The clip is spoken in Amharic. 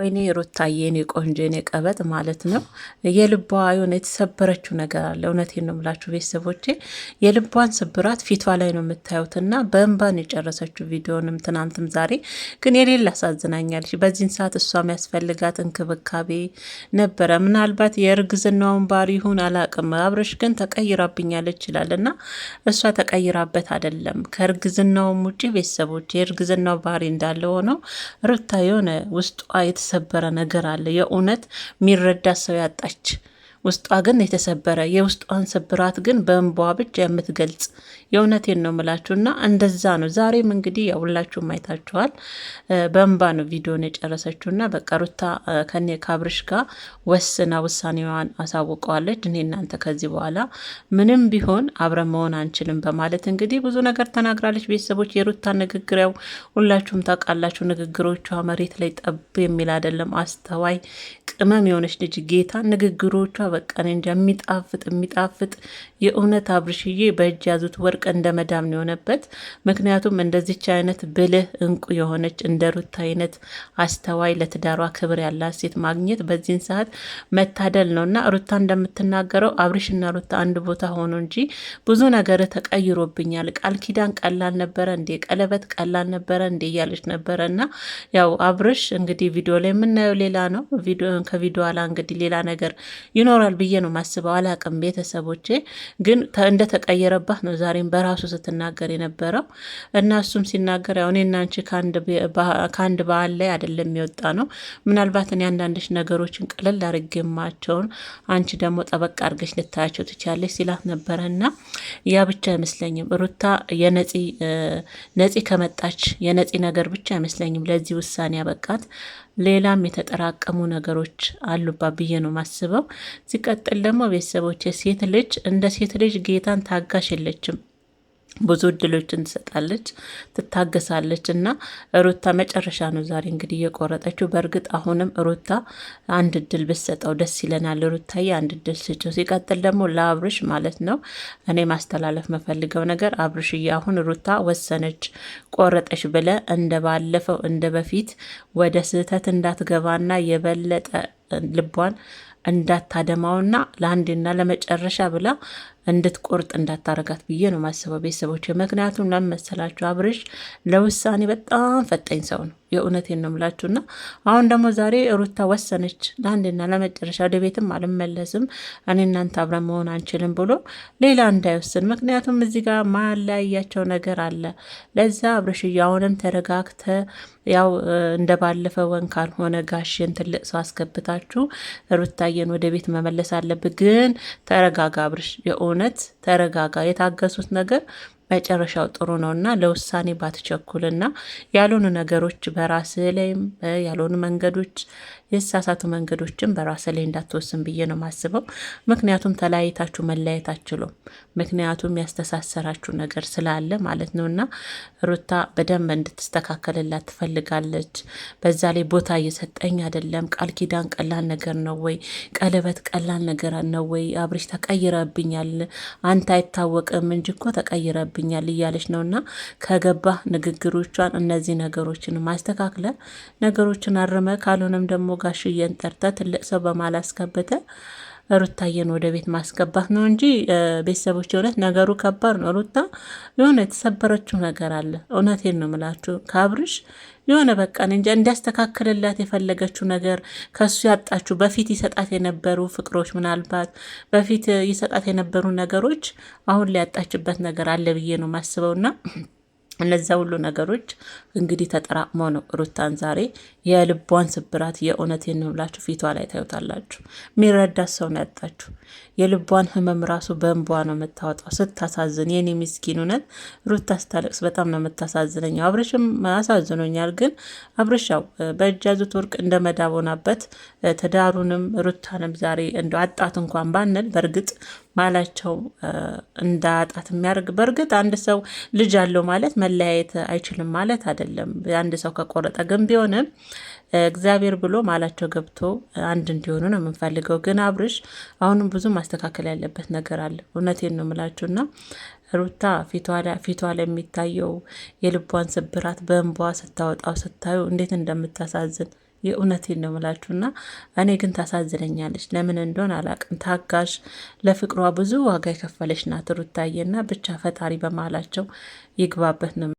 ወይኔ ሩታዬ የኔ ቆንጆ የኔ ቀበጥ ማለት ነው። የልቧ የሆነ የተሰበረችው ነገር አለ። እውነቴን ነው የምላችሁ ቤተሰቦቼ፣ የልቧን ስብራት ፊቷ ላይ ነው የምታዩት እና በእንባን የጨረሰችው ቪዲዮንም ትናንትም ዛሬ ግን የሌላ አሳዝናኛለች። በዚህን ሰዓት እሷ የሚያስፈልጋት እንክብካቤ ነበረ። ምናልባት የእርግዝናውን ባህሪ ይሁን አላቅም። አብረሽ ግን ተቀይራብኛለች ይችላል እና እሷ ተቀይራበት አይደለም ከእርግዝናውም ውጭ ቤተሰቦች የእርግዝናው ባህሪ እንዳለ ሆነው ሩታ የሆነ ውስጧ የተ የተሰበረ ነገር አለ። የእውነት የሚረዳ ሰው ያጣች ውስጧ ግን የተሰበረ የውስጧን ስብራት ግን በእንባዋ ብቻ የምትገልጽ የእውነቴን ነው እና እንደዛ ነው። ዛሬም እንግዲህ ያው ሁላችሁም አይታችኋል። በእንባ ነው ቪዲዮን የጨረሰችው በቃ ሩታ ከኔ ካብርሽ ጋር ወስና ውሳኔዋን አሳውቀዋለች። እኔ እናንተ ከዚህ በኋላ ምንም ቢሆን አብረ መሆን አንችልም በማለት እንግዲህ ብዙ ነገር ተናግራለች። ቤተሰቦች የሩታ ንግግር ያው ሁላችሁም ታውቃላችሁ። ንግግሮቿ መሬት ላይ ጠብ የሚል አይደለም። አስተዋይ ቅመም የሆነች ልጅ ጌታ ንግግሮቿ በቃ እንጃ የሚጣፍጥ የሚጣፍጥ የእውነት አብርሽዬ በእጅ ያዙት ወርቅ እንደ መዳም ነው የሆነበት። ምክንያቱም እንደዚች አይነት ብልህ እንቁ የሆነች እንደ ሩት አይነት አስተዋይ ለትዳሯ ክብር ያላት ሴት ማግኘት በዚህን ሰዓት መታደል ነው እና ሩታ እንደምትናገረው አብርሽና ሩታ አንድ ቦታ ሆኖ እንጂ ብዙ ነገር ተቀይሮብኛል፣ ቃል ኪዳን ቀላል ነበረ እንዴ ቀለበት ቀላል ነበረ እንዴ እያለች ነበረ እና ያው አብርሽ እንግዲህ ቪዲዮ ላይ የምናየው ሌላ ነው ቪዲዮ ከቪዲዮ ኋላ እንግዲህ ሌላ ነገር ይኖራል ብዬ ነው ማስበው። አላቅም ቤተሰቦቼ፣ ግን እንደተቀየረባት ነው ዛሬም በራሱ ስትናገር የነበረው እና እሱም ሲናገር ያው እኔና አንቺ ከአንድ በዓል ላይ አይደለም የወጣ ነው። ምናልባት እኔ አንዳንድሽ ነገሮችን ቀለል አድርጌማቸውን አንቺ ደግሞ ጠበቅ አድርገሽ ልታያቸው ትችያለሽ ሲላት ነበረ እና ያ ብቻ አይመስለኝም ሩታ ነፂ ከመጣች የነፂ ነገር ብቻ አይመስለኝም ለዚህ ውሳኔ ያበቃት። ሌላም የተጠራቀሙ ነገሮች አሉባት ብዬ ነው ማስበው። ሲቀጥል ደግሞ ቤተሰቦች ሴት ልጅ እንደ ሴት ልጅ ጌታን ታጋሽ የለችም። ብዙ እድሎችን ትሰጣለች፣ ትታገሳለች እና ሩታ መጨረሻ ነው ዛሬ እንግዲህ የቆረጠችው። በእርግጥ አሁንም ሩታ አንድ እድል ብትሰጠው ደስ ይለናል። ሩታዬ አንድ እድል ስጭው። ሲቀጥል ደግሞ ለአብርሽ ማለት ነው እኔ ማስተላለፍ መፈልገው ነገር አብርሽዬ፣ አሁን ሩታ ወሰነች፣ ቆረጠች ብለ እንደ ባለፈው እንደ በፊት ወደ ስህተት እንዳትገባና የበለጠ ልቧን እንዳታደማውና ለአንዴና ለመጨረሻ ብላ እንድትቆርጥ እንዳታረጋት ብዬ ነው ማስበው ቤተሰቦች። ምክንያቱም ለመሰላችሁ አብርሽ ለውሳኔ በጣም ፈጣኝ ሰው ነው። የእውነቴን ነው የምላችሁና አሁን ደግሞ ዛሬ ሩታ ወሰነች፣ ለአንድና ለመጨረሻ ወደ ቤትም አልመለስም፣ እኔ እናንተ አብረን መሆን አንችልም ብሎ ሌላ እንዳይወስን። ምክንያቱም እዚህ ጋር ማለያያቸው ነገር አለ። ለዛ አብርሽዬ አሁንም ተረጋግተ ያው እንደ ባለፈ ወን ካልሆነ ጋሽን ትልቅ ሰው አስገብታችሁ ሩታየን ወደ ቤት መመለስ አለብ። ግን ተረጋጋ አብርሽ። በእውነት ተረጋጋ። የታገሱት ነገር መጨረሻው ጥሩ ነው እና ለውሳኔ ባትቸኩልና ያልሆኑ ነገሮች በራስህ ላይም ያልሆኑ መንገዶች የተሳሳቱ መንገዶችን በራስህ ላይ እንዳትወስን ብዬ ነው ማስበው። ምክንያቱም ተለያይታችሁ መለያየት አችሉም። ምክንያቱም ያስተሳሰራችሁ ነገር ስላለ ማለት ነው እና ሩታ በደንብ እንድትስተካከልላት ትፈልጋለች። በዛ ላይ ቦታ እየሰጠኝ አይደለም። ቃል ኪዳን ቀላል ነገር ነው ወይ? ቀለበት ቀላል ነገር ነው ወይ? አብሬሽ ተቀይረብኛል። አንተ አይታወቅም እንጂ እኮ ተቀይረብኝ ይኖርብኛል እያለች ነው እና ከገባ ንግግሮቿን እነዚህ ነገሮችን ማስተካክለ ነገሮችን አርመ ካልሆነም ደግሞ ጋሽዬን ጠርተ ትልቅ ሰው በማላስከበተ ሩታዬን ወደ ቤት ማስገባት ነው እንጂ ቤተሰቦች፣ እውነት ነገሩ ከባድ ነው። ሩታ የሆነ የተሰበረችው ነገር አለ። እውነቴን ነው የምላችሁ ከአብርሽ የሆነ በቃ እንጂ እንዲያስተካክልላት የፈለገችው ነገር ከሱ ያጣችሁ በፊት ይሰጣት የነበሩ ፍቅሮች ምናልባት በፊት ይሰጣት የነበሩ ነገሮች አሁን ላይ ያጣችበት ነገር አለ ብዬ ነው ማስበውና እነዚ ሁሉ ነገሮች እንግዲህ ተጠራቅመው ነው ሩታን ዛሬ የልቧን ስብራት የእውነት የንብላችሁ ፊቷ ላይ ታዩታላችሁ። የሚረዳት ሰው ነው ያጣችሁ። የልቧን ህመም ራሱ በእንቧ ነው የምታወጣው። ስታሳዝን የኔ ምስኪን እውነት ሩታ ስታለቅስ በጣም ነው የምታሳዝነኛው። አብረሽም አሳዝኖኛል። ግን አብረሻው በእጅ ያዙት ወርቅ እንደ መዳብ ሆናበት ትዳሩንም ሩታንም ዛሬ እንደ አጣት እንኳን ባንል በእርግጥ ማላቸው እንዳጣት የሚያደርግ በእርግጥ አንድ ሰው ልጅ አለው ማለት መለያየት አይችልም ማለት አይደለም። አንድ ሰው ከቆረጠ ግን ቢሆንም እግዚአብሔር ብሎ ማላቸው ገብቶ አንድ እንዲሆኑ ነው የምንፈልገው። ግን አብርሽ አሁንም ብዙ ማስተካከል ያለበት ነገር አለ። እውነቴን ነው የምላችሁና ሩታ ፊቷ ላይ የሚታየው የልቧን ስብራት በእንቧ ስታወጣው ስታዩ እንዴት እንደምታሳዝን የእውነቴን ነው ምላችሁና እኔ ግን ታሳዝነኛለች። ለምን እንደሆን አላቅም። ታጋሽ ለፍቅሯ ብዙ ዋጋ የከፈለች ናት ሩታዬና ብቻ ፈጣሪ በማላቸው ይግባበት ነው።